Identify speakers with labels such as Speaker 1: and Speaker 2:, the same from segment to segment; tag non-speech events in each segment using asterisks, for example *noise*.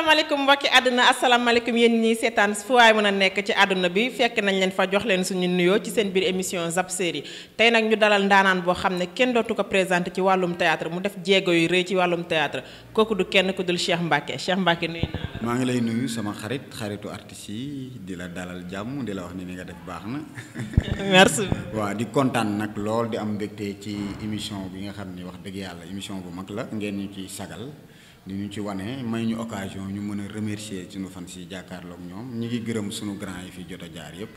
Speaker 1: Assalamualaikum waalaikumsalam aduna assalamualaikum yen ñi sétane fu waay mën nekk ci aduna bi fekk nañ leen fa jox leen suñu nuyo ci seen biir émission Zap Série tay nak ñu dalal ndaanaan bo xamne kenn dotu ko présenter ci walum théâtre mu def djégo yu rëy ci walum théâtre koku du kenn ku dul Cheikh Mbacke Cheikh Mbacke nuyu
Speaker 2: naa la. ngi lay nuyu sama xarit xaritu artiste yi di la dalal jamm di la wax ni nga def baxna
Speaker 1: *laughs* merci.
Speaker 2: wa di contane nak lool di am mbégte ci émission bi nga xamni wax deug yalla émission bu mag la ngeen ñu ci sagal di ñu ci wane may ñu occasion ñu mëna remercier ci ñu fan jakarlo ak ñom ñi ngi gëreum suñu grand yi fi jotta jaar yépp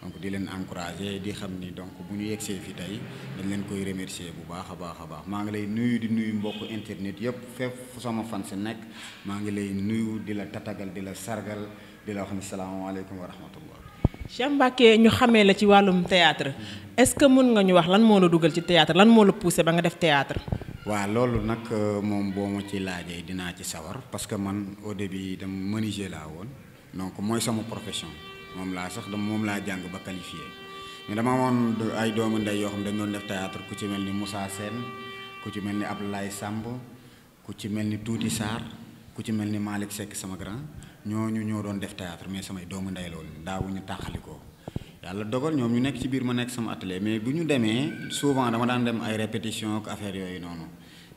Speaker 2: donc di leen encourager di xam ni donc bu ñu yexé fi tay dañ leen koy remercier bu baaxa baaxa baax ma ngi lay nuyu di nuyu mbokk internet yépp fef sama fan ci nek ma ngi lay nuyu di la tatagal di la sargal di la wax ni alaykum wa rahmatullah
Speaker 1: Cheikh Mbacke ñu xamé la ci walum théâtre est ce que mën nga ñu wax lan mo la dugal ci théâtre lan mo la pousser ba nga def théâtre
Speaker 2: waaw loolu nag euh, moom boo ma ci laajee dinaa ci sawar parce que man au début dama menuisier laa woon donc mooy sama profession moom laa sax dama moom laa jàng ba qualifié mais dama amoon ay doomu ndey yoo xam dañu doon def théâtre ku ci mel ni Moussa Sène ku ci mel ni ab Abdoulaye Samb ku ci mel ni Tuuti Sarr ku ci mel ni Malick sekk sama grand ñooñu ñoo doon def théâtre mais samay doomu ndey loolu daawuñu tàqalikoo yàlla dogal ñoom ñu nekk ci biir ma nekk sama atelier mais bu ñu demee souvent dama daan dem ay répétition ak affaire yooyu noonu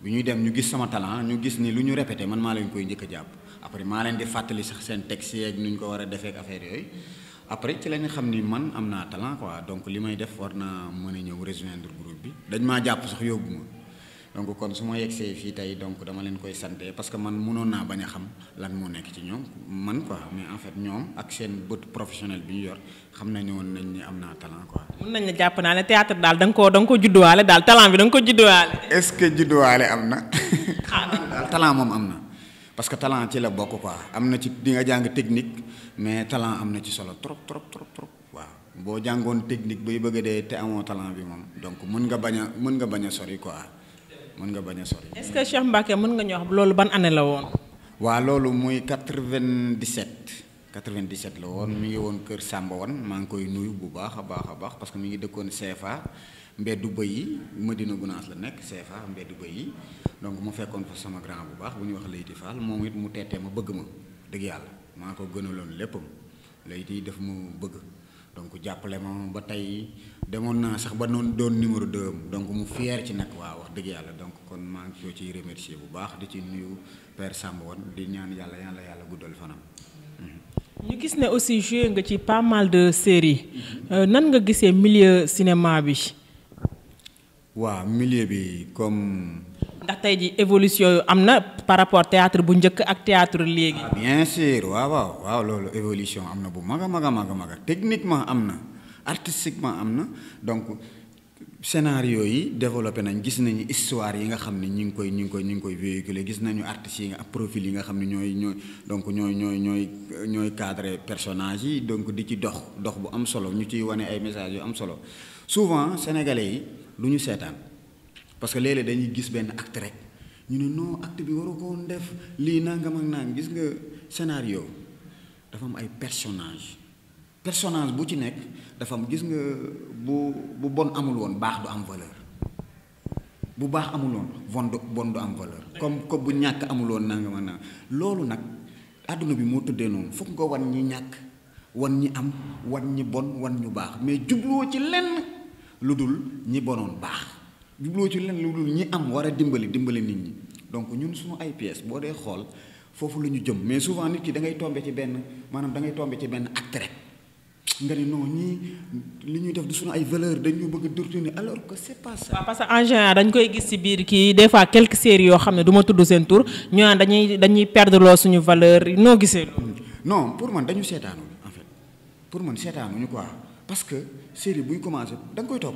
Speaker 2: bu ñuy dem ñu gis sama talent ñu gis ni lu ñu répété man maa leen koy njëkk jàpp après maa leen di fàttali sax seen texte yeeg nu ñu ko war a defee ak affaire yooyu après ci lañu xam ni man am naa talent quoi donc li may def war naa mën a ñëw rejoindre groupe bi dañ maa jàpp sax yóbbu ma. donc kon suma yexé fi tay donc dama len koy santé parce que man mënoon xam lan mo nek ci ñom man quoi mais en fait ñom ak seen bët professionnel bi ñu yor xam nañu won nañ ni amna talent quoi.
Speaker 1: mën nañ la japp na ne théâtre dal dang ko dang da nga ko judduwaale daal talent bi dang nga ko judduwaale. est ce que judduwaale am na.
Speaker 2: *laughs* talent mom amna parce que talent ci la bok quoi amna ci di nga jang technique mais talent amna ci solo trop trop trop trop bo jangone technique bay de te amo talent bi mom donc mën nga baña mën nga baña sori quoi mën nga baña sori.
Speaker 1: est ce que Cheikh mbake mën nga ñox lolu ban année la won wa lolu muy 97
Speaker 2: 97 la won mi ngi won keur Samba won ma ngi koy nuyu bu baakha baakha baax parce que mi ngi dekkone CFA mbeddu bëy Medina Gunaas la nek CFA mbeddu bëy donc mu fekkoon fa sama grand bu baax bu ñu wax Leyti Fall moom it mu tété ma bëgg ma deug yalla maa ko gënaloon léppam Leyti daf ma bëgg. donc jàppale ma ba tey demoon naa sax ba noon doon numéro 2 donc mu fier ci nag waaw wax dëgg yàlla donc kon maa ngi ko ciy remercier bu baax di ci nuyu Père Samb woon di ñaan yàlla yàlla yàlla guddal fanam.
Speaker 1: ñu gis ne aussi joué nga ci pas mal de séries euh, nan nga gisee milieu cinéma bi.
Speaker 2: waaw milieu bi comme.
Speaker 1: ndax tey ji évolution yu par rapport théâtre bu njëkk ak théâtre léegi. Ah,
Speaker 2: bien sûr waaw waaw waaw loolu évolution amna bu mag a mag a techniquement amna artistiquement amna donc scénario yi développé nañ gis nañu histoire yi nga xamni ñing koy ñing koy ñing koy véhiculer gis nañu artiste yi nga profil yi nga xamni ñoy ñoy ñooy donc ñoy ñoy ñoy ñoy cadre personnage yi donc di ci dox dox bu am solo ñu ci wone ay message yu am solo souvent sénégalais yi du ñu seetaan. parce que léeg dañuy gis benn acte rek ñu ne non acte bi waru ko woon def lii nangam ak nangam gis nga scénario dafa am ay personnage personnage bu ci nekk dafa am gis nga bu bon amul woon baax du am valeur bu baax amul von bon du bon du am valeur comme comme bu ñàkk amuloon woon nangam ak loolu nag àdduna bi moo tëddee noonu foog nga wan ñi ñàkk wan ñi am wan ñi bon wan ñu baax mais jubloo ci lenn lu dul ñi bonoon baax jubloo ci len lu dul ñi am wara dimbali dimbali nit ñi donc ñun suñu IPS bo boo xol fofu foofu ñu jëm mais souvent nit ki da ngay tomber ci ben manam da ngay tomber ci ben acte rek nga ne non ñi li ñuy def du suñu ay valeur dañu bëgg a détourner alors que c'est pas ça.
Speaker 1: parce que en général dañ koy gis ci biir ki des fois quelques séries yo xam duma tuddu sen tour ñu naan dañuy dañuy perdre lo suñu valeur noo gisee
Speaker 2: non pour man dañu seetaanu en fait pour man ñu quoi parce que série buy commencé da koy top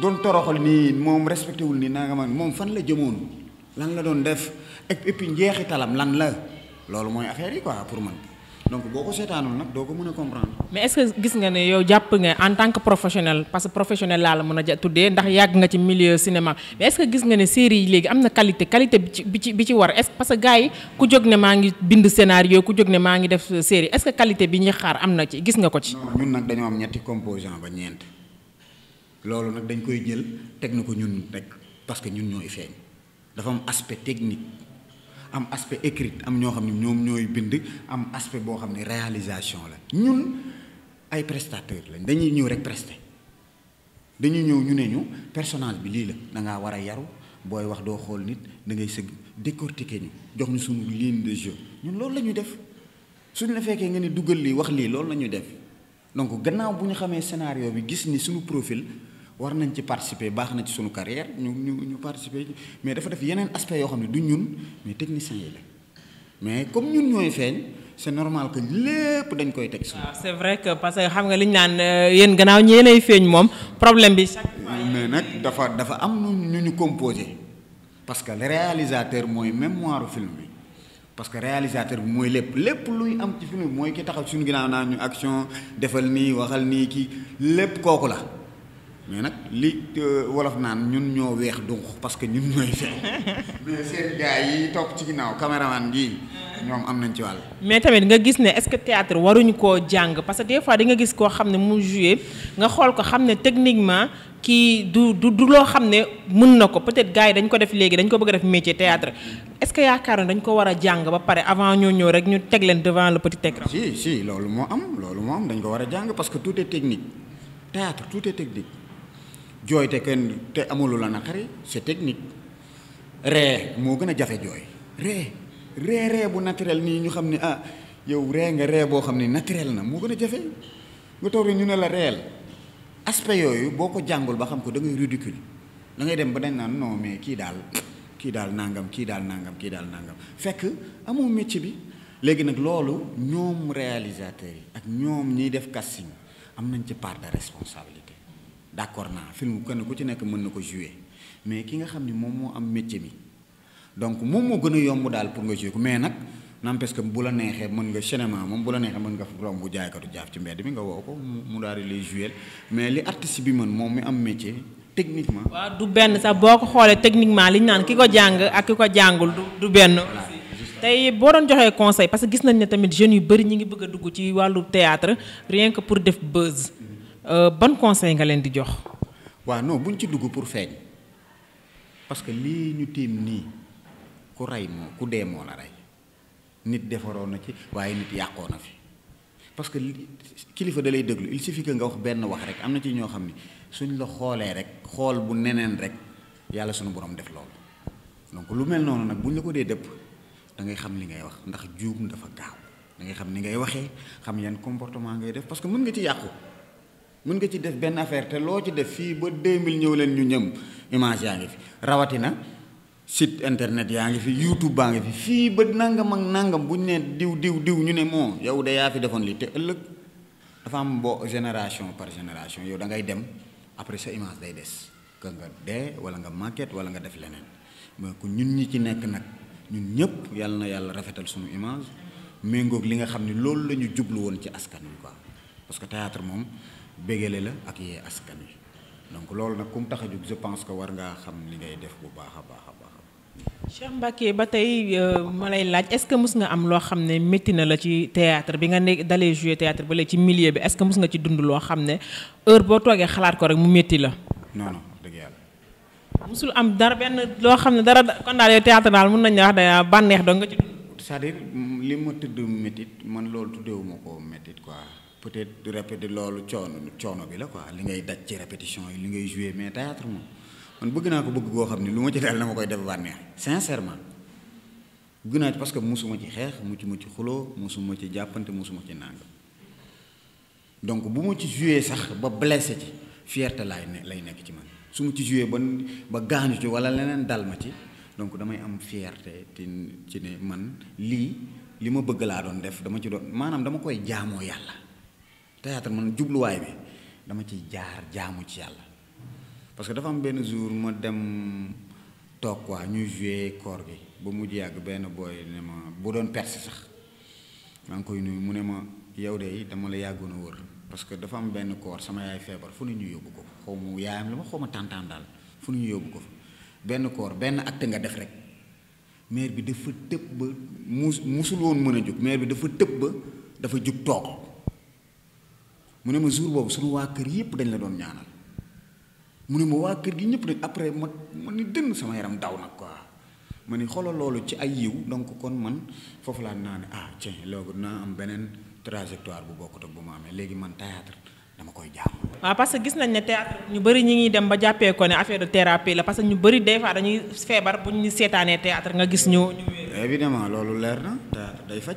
Speaker 2: don toroxal ni mom respecté wul ni nanga man mom fan la jëmoon lan la don def ak epi jeexi talam lan la loolu moy affaire yi quoi pour man donc boko sétanul nak doko mëna comprendre.
Speaker 1: mais est ce que gis nga né yow japp nga en tant que professionnel parce que professionnel la la mëna ja tuddé ndax yag nga ci milieu cinéma mais est ce que gis nga né série légui amna am na qualité qualité bi ci bi ci war est ce parce que gaay ku jog né ma ngi bind scénario ku jog né ma ngi def série est ce que qualité bi ñi xaar am na ci gis nga ko ci.
Speaker 2: ñun nak dañu am ñetti composants ba ñent loolu nag dañ koy jël parce que ñun ñooy feeñ dafa aspect technique am aspect écrit am aspect réalisation Nous ñun ay prestateur lañ dañuy ñëw rek Nous dañuy ñëw ñu Nous personnage bi lii la da Nous yaru Nous ligne de jeu donc gannaaw scénario bi gis ni profil war nañ ci participer baax na ci sunu carrière ñu ñu ñu participer mais dafa def yeneen aspect yoo xam ne du ñun mais technicien yi la mais comme ñun ñooy feeñ c'est normal que
Speaker 1: lépp dañ koy teg suñu. waaw ah, c'est vrai que parce que xam nga li ñu naan euh, yéen gannaaw ñi yéenay feeñ moom problème bi. chaque fois mais nag dafa dafa am ñu ñu composé parce que le
Speaker 2: réalisateur mooy mémoire film bi. parce que réalisateur bi mooy lépp lépp luy am ci film bi mooy ki taxaw suñu ginnaaw naa ñu action defal nii waxal nii kii lépp kooku la. mais nag li euh, wolof naan ñun ñoo weex donc parce que ñun ñooy feeñ
Speaker 1: *laughs* mais seen gars yi topp ci ginnaaw caméraman gi ñoom am nañ ci wàll. mais tamit nga gis ne est-ce que théâtre waruñu koo jàng parce que des fois di nga gis koo xam ne mu joué nga xool ko xam ne techniquement kii du du du loo xam ne mun na ko peut-être gars yi dañ ko def léegi dañ ko bëgg a def métier théâtre est-ce que yaakaaroon dañ ko war a jàng ba pare avant ñoo ñëw rek ñu teg leen devant le petit écran. si si loolu moo am loolu moo am war a jàng parce que tout est technique théâtre tout est technique.
Speaker 2: jooy te kenn te amulu la naqari c'est technique ree moo gën a jafe jooy ree ree ree bu naturel nii ñu xam ne ah yow ree nga ree boo xam ne naturel na moo gën a jafe nga toog ñu ne la reel aspect yooyu boo ko jàngul ba xam ko da ngay ridicule dangay dem ba dañ naan non mais kii daal kii daal nangam kii daal nangam kii daal nangam fekk amoo métier bi léegi nag loolu ñoom réalisateurs yi ak ñoom ñiy def casting am nañ ci part de responsabilité d'accord naa film kenn ku ci nekk mën na ko jouer mais ki nga xam ni moom moo am métier mi donc moom moo gën a yomb daal pour nga jouer ko mais nag n'empêche que bu la neexee mën nga cinéma moom bu la neexee mën nga romb jaaykatu jaaf ci mbedd mi nga woo ko mu daal di mais li artiste bi mën moom mi am métier
Speaker 1: techniquement. waaw du benn sax boo ko xoolee techniquement li ñu naan ki ko jàng ak ki ko jàngul du benn. tey boo doon joxee conseil parce que gis nañ ne tamit jeunes yu bëri ñi ngi bëgg a dugg ci wàllu théâtre rien que pour def buzz. Euh, ban conseil nga leen di jox
Speaker 2: waaw non buñ ci dugg pour feeñ parce que lii ñu tiim nii ku rey moo ku dee moo la rey nit defaroon na ci waaye nit yàqoo na fi parce que kilifa da lay déglu il suffit que nga wax benn wax rek am na ci ñoo xam ne suñ la xoolee rek xool bu neneen rek yàlla suñu borom def loolu donc lu mel noonu nag buñ la ko dee dëpp da ngay xam li ngay wax ndax juum dafa gaaw da ngay xam ni ngay waxee xam yan comportement ngay def parce que mën nga ci yàqu mën nga ci def benn affaire te loo ci def fii ba 2000 ñëw leen ñu ñëm image yaa ngi fi rawatina site internet yaa ngi fi youtube baa ngi fi fii ba nangam ak nangam buñ ne diw diw diw ñu ne moo yow de yaa fi defoon li te ëllëg dafa am bo génération par génération yow da ngay dem après sa image day des ka nga dee wala nga maquette wala nga def leneen mais ku ñun ñi ci nekk nag ñun ñëpp yàlla na yàlla rafetal suñu image méngoog li nga xam ne loolu la ñu jublu woon ci askan wi quoi parce que théâtre moom bégale la ak yee askan wi donc loolu nag kum tax a jóg je pense que war ngaa xam li ngay def bu baax a baax a baax.
Speaker 1: Cheikh Mbacké ba tey euh, ma lay laaj est-ce que mus nga am loo xam ne métti na la ci théâtre bi nga nekk dalee jouer théâtre ba léegi ci milieu bi est que mus nga ci dund loo xam ne heure boo toogee xalaat ko rek mu métti la.
Speaker 2: noonu non dëgg
Speaker 1: musul am dara benn loo xam ne dara kon daal yow théâtre daal mun nañu wax da bànneex doo nga ci dund.
Speaker 2: c'est-à-dire li ma loolu tuddeewu ma quoi. peut-être de répéter loolu choono choono bi la quoi li ngay dacc ci répétition li ngay jouer mais théâtre mo man bëgg na ko bëgg go xamni luma ci dal na ma koy def bànneex sincèrement bëgg na parce que musuma ci xex mu ci xulo musuma ci jàppante musuma ci nang donc bu mu ci jouer sax ba blessé ci fierté lay ne lay nekk ci man su ci jouer ba ba gañu ci wala lenen dal ma ci donc damay am fierté tin ci ne man li lima bëgg la doon def dama ci doon manam dama koy jaamo yalla théâtre man jubluwaay bi dama ci jaar jaamu ci yalla parce que dafa am ben jour ma dem tok quoi ñuy jouer corps bi bu mujj yàgg ben boy ne ma bu doon perse sax man koy nuyu mu ne ma yow de dama la yaguna wër parce que dafa am ben corps sama yaay fièvre fu ne ñu yobbu ko xaw ma yaayam la ma xaw ma tàntaan daal fu ne ñu yobbu ko ben corps ben acte nga def rek maire bi dafa tepp ba musul won mëna juk maire bi dafa tepp ba dafa juk tok mu ne ma jour boobu sunu waa kër yépp dañ la doon ñaanal mu ne ma waa kër gi ñëpp dañ après ma ma ni dënn sama yaram daw nag quoi ma ni xoolal loolu ci ay yiw donc kon man foofu laa naa ne ah tiens loolu naa am beneen trajectoire bu bokkut ak bu ma amee léegi man théâtre dama
Speaker 1: koy jaam waaw parce que gis nañ ne théâtre ñu bëri ñi ngi dem ba jàppee ko ne affaire de thérapie la parce que ñu bëri des fois dañuy feebar bu ñu seetaanee théâtre nga gis ñu
Speaker 2: évidemment loolu leer na théâtre day faj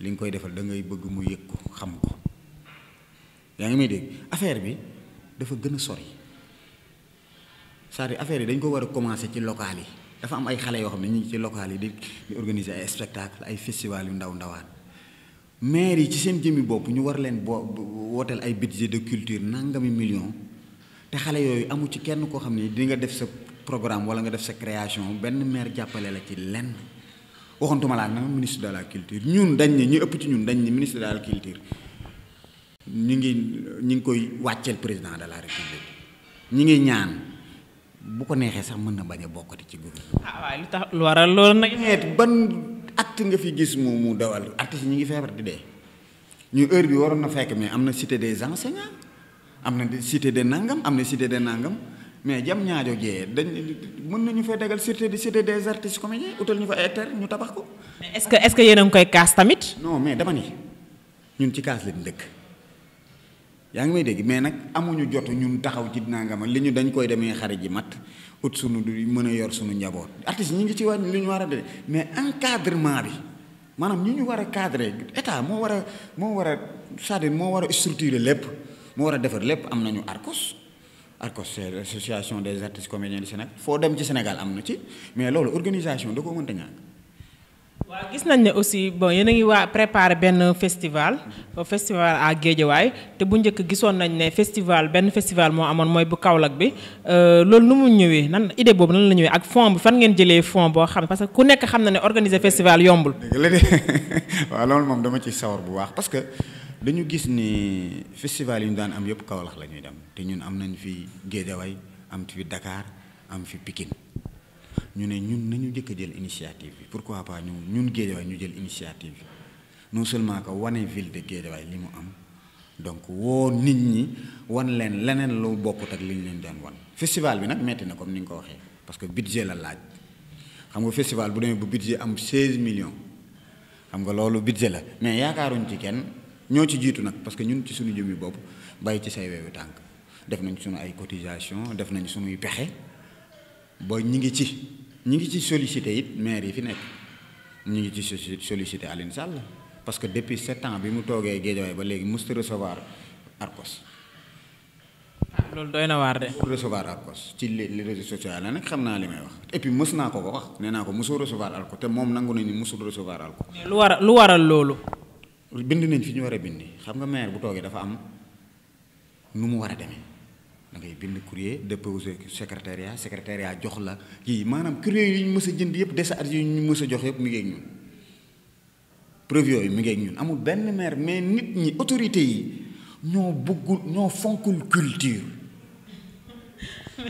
Speaker 2: ling koy defal da ngay bëgg mu yëg ko xam ko yaa ngi may dégg affaire bi dafa gën a sori sari affaire yi dañ ko war a commencer ci local yi dafa am ay xale yoo xam ne ñu ci local yi di di organiser ay spectacle ay festival yu ndaw ndawaan maire yi ci seen jëmmi bopp ñu war leen boo wooteel ay budget de culture nangami million te xale yooyu amu ci kenn koo xam ne di nga def sa programme wala nga def sa création benn maire jàppale la ci lenn waxantuma laa nag ministre de la culture ñun dañ ne ñu ëpp ci ñun dañ ne ministre de la culture ñu ngi ñu ngi koy wàcceel président de la république ñu ngi ñaan bu ko neexee na bañ a bokkati ci
Speaker 1: gouvernement.
Speaker 2: ah lu ban acte nga fi gis mu mu dawal artiste ñi ngi feebar di dee ñu heure bi waroon na fekk mais am na cité des enseignants am nangam am na nangam. mais jam ñaajo jee dañ mën nañu fay dagal cité di cité des artistes comédiens utal ñu fa ay ñu tabax ko. mais est-ce que
Speaker 1: que yéen a ngi koy kaas tamit. non mais dama ni
Speaker 2: ñun ci kaas lañ dëkk yaa ngi may dégg mais nag amuñu jotu ñun taxaw nga nangam li ñu dañ koy demee xarit ji mat ut suñu du mën a yor suñu njaboot. artistes ñi ngi ci wàññi li ñu war a de mais encadrement bi maanaam ñu ñu war a cadrer état moo war a moo war a cest à moo war a structurer lépp moo war a defar lépp am nañu arcos ARCOSER association des artistes comédiens du Sénégal foo dem ci Sénégal am na ci mais loolu organisation da koo mënta ñàkk.
Speaker 1: waaw gis nañ ne aussi bo yéen a ngi waa préparé benn festival festival à Guédiawaye te bu njëkk gisoon nañ ne festival benn festival moo amoon mooy bu Kaolack bi euh, loolu nu mu ñëwee nan idée boobu nan la ñëwee ak fond bi fan ngeen jëlee fond boo xam parce que ku nekk xam na ne organiser festival yombul. dëgg la de
Speaker 2: *laughs* waaw loolu moom dama ciy sawar bu baax parce que. dañu gis ni festival yi ñu daan am yëpp Kaolack la ñuy dem te ñun am nañ fi Guédiawaye am fi dakaar am fi Pikine ñu ne ñun nañu jëkk a jël initiative pour pourquoi pas ñu ñun Guédiawaye ñu jël initiative bi non seulement que wane ville de Guédiawaye li mu am donc woo nit ñi wan leen leneen lu bokkut ak li ñu leen daan wan festival bi nag metti na comme ni nga ko waxee parce que budget la laaj xam nga festival bu demee bu budget am 16 million xam nga loolu budget la ñoo ci jiitu nag parce que ñun ci suñu jëmmi bopp bàyyi ci say weewu tànk def nañ suñu ay cotisation def nañ suñuy pexe ba ñi ngi ci ñi ngi ci sollicité it maire yi fi nekk ñu ngi ci solicité Aline Sall parce que depuis sept ans bi mu toogee Guédiawaye ba léegi musta recevoir Arcos
Speaker 1: loolu doy na waar de.
Speaker 2: pour recevoir Arcos ci les réseaux sociaux la nag xam naa li may wax et puis mës naa ko ko wax nee naa ko mosoo recevoir Arcos te moom nangu na ni mosul recevoir Arcos.
Speaker 1: lu waral loolu.
Speaker 2: bind nañ fi ñu war a bindi xam nga maire bu toogee dafa am nu mu war a demee da ngay bind courrier déposé secrétariat secrétariat jox la yii maanaam courrier yi ñu mës a jënd yëpp décharge yi ñu mës a jox yëpp mu ngi ak ñun preuve yooyu mi ngi ñun amul benn
Speaker 1: maire mais nit ñi autorité yi ñoo bëggul ñoo fonkul culture.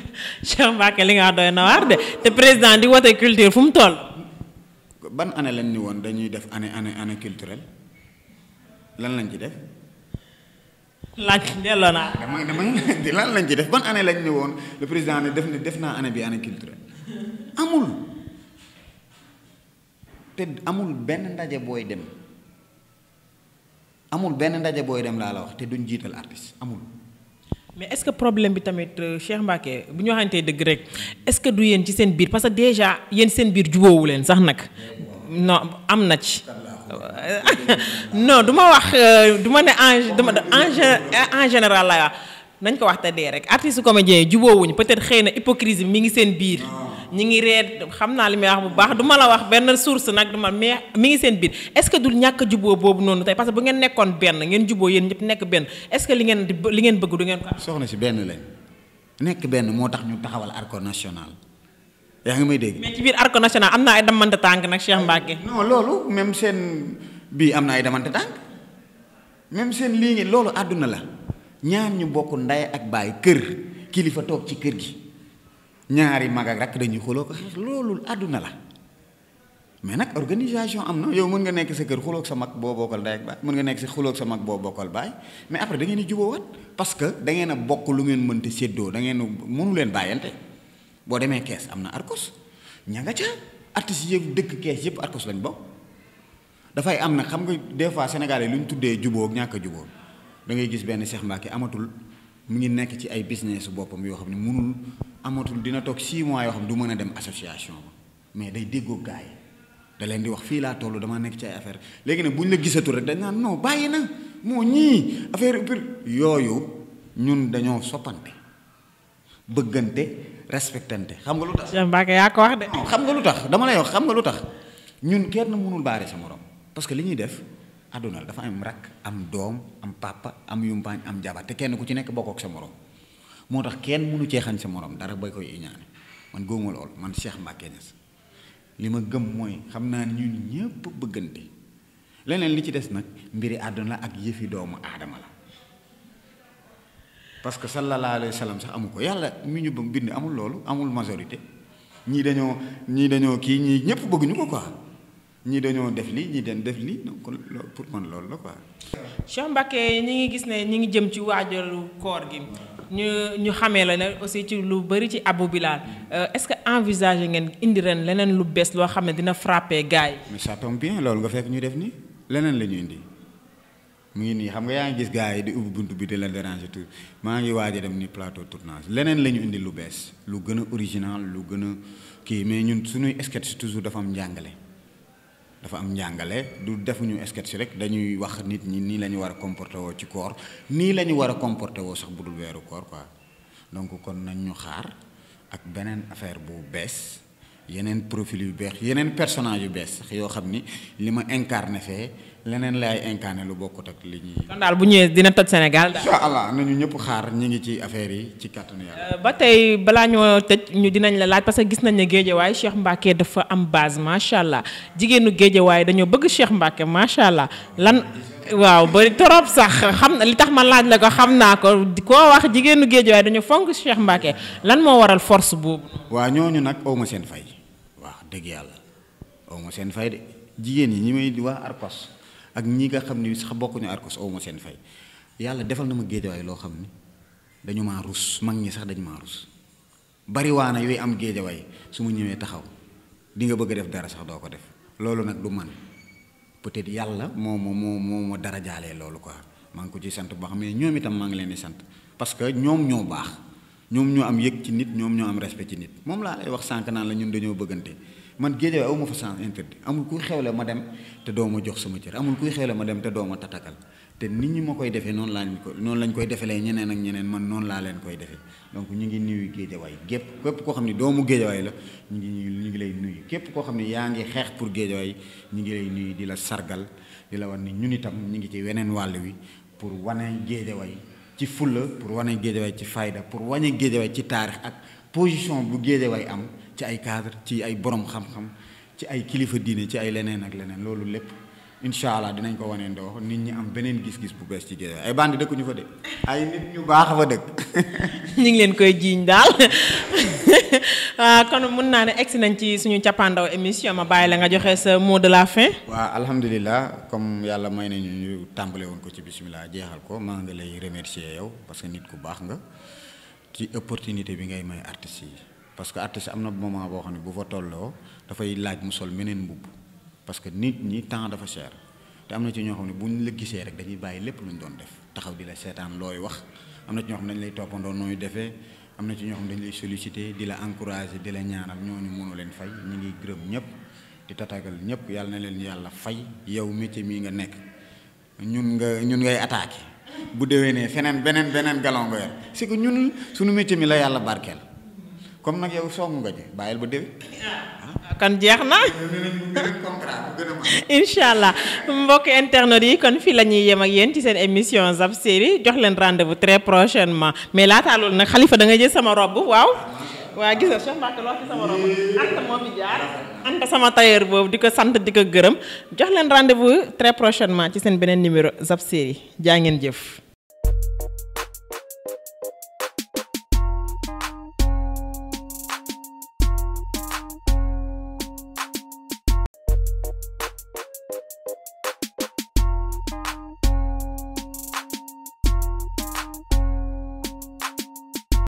Speaker 1: *laughs* Cheikh li ngaa doy na de te président di wote culture fu mu toll.
Speaker 2: ban année lañ ni woon dañuy def année année année culturelle. lan lañ ci def.
Speaker 1: laaj delloo naa. dama dama lañ ci
Speaker 2: def ban année lañ ne woon le président ne def ne def naa année bi année culturelle amul te amul benn ndaje booy dem amul benn ndaje booy dem laa la wax te duñ jiital artiste amul.
Speaker 1: mais est-ce que problème bi tamit euh, Cheikh Mbacké bu ñu waxantee dëgg rek est-ce que du yéen ci seen biir parce que déjà yéen seen biir jubóowu leen sax nag. non am na ci. Euh, non duma wax euh, duma ne ange duma ange en général la nagn ko wax te dé rek artiste comédien yi jubóowuñu peut-être xeyna hypocrisie mi ngi sen biir ñi ngi reet xamna naa li may wax bu baax duma la wax ben source nak duma mi ngi sen biir est-ce que dul ñak a bobu boobu tay parce que bu ngeen nekkoon ben ngeen jubóo yeen ñep nekk ben est-ce que li ngeen li ngeen bëgg du ngeen ko soxna ci ben lañ nekk ben motax ñu taxawal arco national yaa ngi may dégg. mais ci biir arc national am na ay damante tànk nag Cheikh Mbacké. non loolu même seen bii am na ay demante tànk
Speaker 2: même seen lii ngi loolu àdduna la ñaar ñu bokk ndey ak baay kër kilifa toog ci kër gi ñaari mag ak rakk dañuy xuloo ko xeex loolu àdduna la mais nag organisation am na yow mën nga nekk sa kër xuloog sa mag boo bokkal ndey ak baay mën nga nekk si xuloo sa mag boo bokkal baay mais après da ngeen di jubóowaat parce que da ngeen a bokk lu ngeen mënti séddoo da ngeen leen bàyyante. bo demee kees amna arcos ñanga ca artiste yeb deug kees yëpp arcos lañ bok da fay amna xam nga des fois sénégalais luñ tuddé tuddee ak ñaka a da ngay gis ben Cheikh mbake amatul mu ngi nekk ci ay business bopam yo xamni mënul amatul dina tok 6 mois yo xam du mëna dem association ba mais day déggo gaay da leen di wax fi la tollu dama nekk ci ay affaire légui nag buñ ñu la gisatul rek dañ nan non bayina na ñi ñii affaire yoyu ñun dañoo soppante bëggante respectante xam nga lutax yam Cheikh ya Kamu ko wax de. xam nga lutax dama lay wax xam nga lutax ñun kenn mënul baré sa morom parce que li def aduna dafa am rak, am dom am papa am yumbañ am jabat. te kenn ku ci nekk bokkook sa morom motax kenn mënu ci xañ sa morom dara bay koy iñane man gomul ol man Cheikh Mbacke Niass lima gëm moy xamna ñun ñepp bëggante leneen li ci dess nak mbiri aduna ak yefi doomu parce que sallallahu alayhi wa sax amu ko yàlla mi ñu bind amul loolu amul majorité ñii dañoo ñii dañoo kii ñii ñëpp ñu ko quoi ñii dañoo def li ñii dañ def lii donc pour man loolu la ko
Speaker 1: Cheikh Mbacké ñi ngi gis ne ñi ngi jëm ci waajalu koor gi ñu xamee la aussi ci lu bari ci Abou Bilal euh, est-ce que envisagé ngeen indi ren leneen lu bees loo xam ne dina frappé gars yi.
Speaker 2: mais ça tombe loolu nga fekk ñu def nii leneen la ñu indi. mu ngi nii xam nga yaa ngi gis gaa yi di ubbi bunt bi di la déranger tout maa ngi waaj a dem ni plateau tournage leneen la ñu indi lu bees lu gën a original lu gën a kii mais ñun suñuy sketch toujours dafa am njàngale dafa am njàngale du defuñu sketch rek dañuy wax nit ñi nii la ñu war a comporté woo ci koor nii la ñu war a comporté woo sax bu dul weeru koor quoi donc kon nañ ñu xaar ak beneen affaire bu bees yeneen profil yu beex yeneen personnage yu bees sax yoo xam ni li ma incarné fee leneen lay incarné lu bokkut ak li ñuy.
Speaker 1: kon daal bu ñëwee dina toj Sénégal daal. incha
Speaker 2: allah nañu ñëpp xaar ñu ngi ci affaire yi ci kàttanu yàlla.
Speaker 1: Euh, ba tey balaa ñoo tëj ñu dinañ la laaj parce que gis nañ ne géejewaay Cheikh Mbacke dafa am base macha allah jigéenu géejewaay dañoo bëgg Cheikh Mbacke macha allah lan. waaw bari trop sax xam li tax ma laaj la ko xam naa ko koo wax jigéenu géejewaay dañu fonk Cheikh Mbacke lan moo waral force boobu. waaw ñooñu nag aw ma
Speaker 2: seen fay. deug yalla awma sen fay de jigen ñi ñi may waa arkos ak ñi nga xamni sax bokkuñu arkos aw ma seen fay yalla defal na ma géejawaay way lo xamni dañu ma rus mag ñi sax dañu ma rus waana yoy am géejawaay way suma ñëwé taxaw di nga bëgg def dara sax do ko def lolu nak du man peut-être yàlla mo mo mo mo, mo dara jaalee lolu quoi maa ngi ko ci sante bax mais ñoom itam ma ngi leen di sante parce que ñoom ñoo baax ñoom ñoo am yëg ci nit ñoom ñoo am respect ci nit moom laa lay wax sànq naan la ñun dañoo bëggante man géejawaay aw ma fa sens interdit amul kuy xewle ma dem te doo ma jox sama cër amul kuy xewle ma dem te dooma ma tatakal te nit ñi ma koy defee noonu laa ñu ko noonu lañ koy defelee ñeneen ak ñeneen man noonu laa koy defee donc ñu ngi nuyu géejawaay gépp képp koo xam ne doomu géejawaay la ñu ngi ñu ngi lay nuyu képp koo xam ne yaa ngi xeex pour géejawaay ñu ngi lay nuyu di la sargal di la wan ni ñun itam ñu ngi ci weneen wàll wi pour wane géejawaay ci fulla pour wane géejawaay ci fayda pour wane géejawaay ci taarix ak position bu géejawaay am ci ay cadre ci ay borom xam-xam ci ay kilifa diine ci ay leneen ak leneen loolu lépp inshallah dinañ ko wone ndox nit ñi am beneen gis-gis bu bes ci géej ay bandi ñu fa de ay nit ñu baax fa dekk *laughs* ñi ngi
Speaker 1: leen koy jiiñ daal *laughs* ah, kon mun naa ne egsi nañ ci suñu capandaw émission ma bàyyi la nga joxe sa mot de la fin
Speaker 2: waaw alhamdulilah comme yàlla may nañu ñu tàmbale woon ko ci bismillah jeexal ko maa nga lay remercier yow parce que nit ku baax nga ci opportunité bi ngay may artiste parce que artiste amna moment bo xamni bu fa tollo da fay laaj mu sol menen mbub parce que nit ñi temps fa cher té amna ci ño xamne buñ la gissé rek dañuy bayyi lepp luñ doon def taxaw di la sétane loy wax amna ci ño xamni dañ lay topando noy défé amna ci ño xamni dañ lay solliciter di la encourager di la ñaanal ñu mënu leen fay ñi ngi gërëm ñëpp di tatagal ñëpp yalla na leen yalla fay yow métier mi nga nek. ñun nga ñun ngay attaquer bu déwéné fenen benen benen galon nga yor c'est que ñun suñu
Speaker 1: métier mi la yalla barkel comme nag yow song nga ji bàyyil ba déwén. Ah, kon jeex na. *laughs* incha allah mbokk internet yi kon fii la ñuy yem ak yéen ci seen émission Zap Série jox bu très prochainement mais laataa loolu nag xalifa da jël sama robb waaw. waa gis nga Cheikh Mbacke loo ci sama rob Anta sama tailleur boobu di ko sant di ko gërëm jox leen rendez très prochainement ci seen beneen numéro Zap Série jaa ngeen jëf.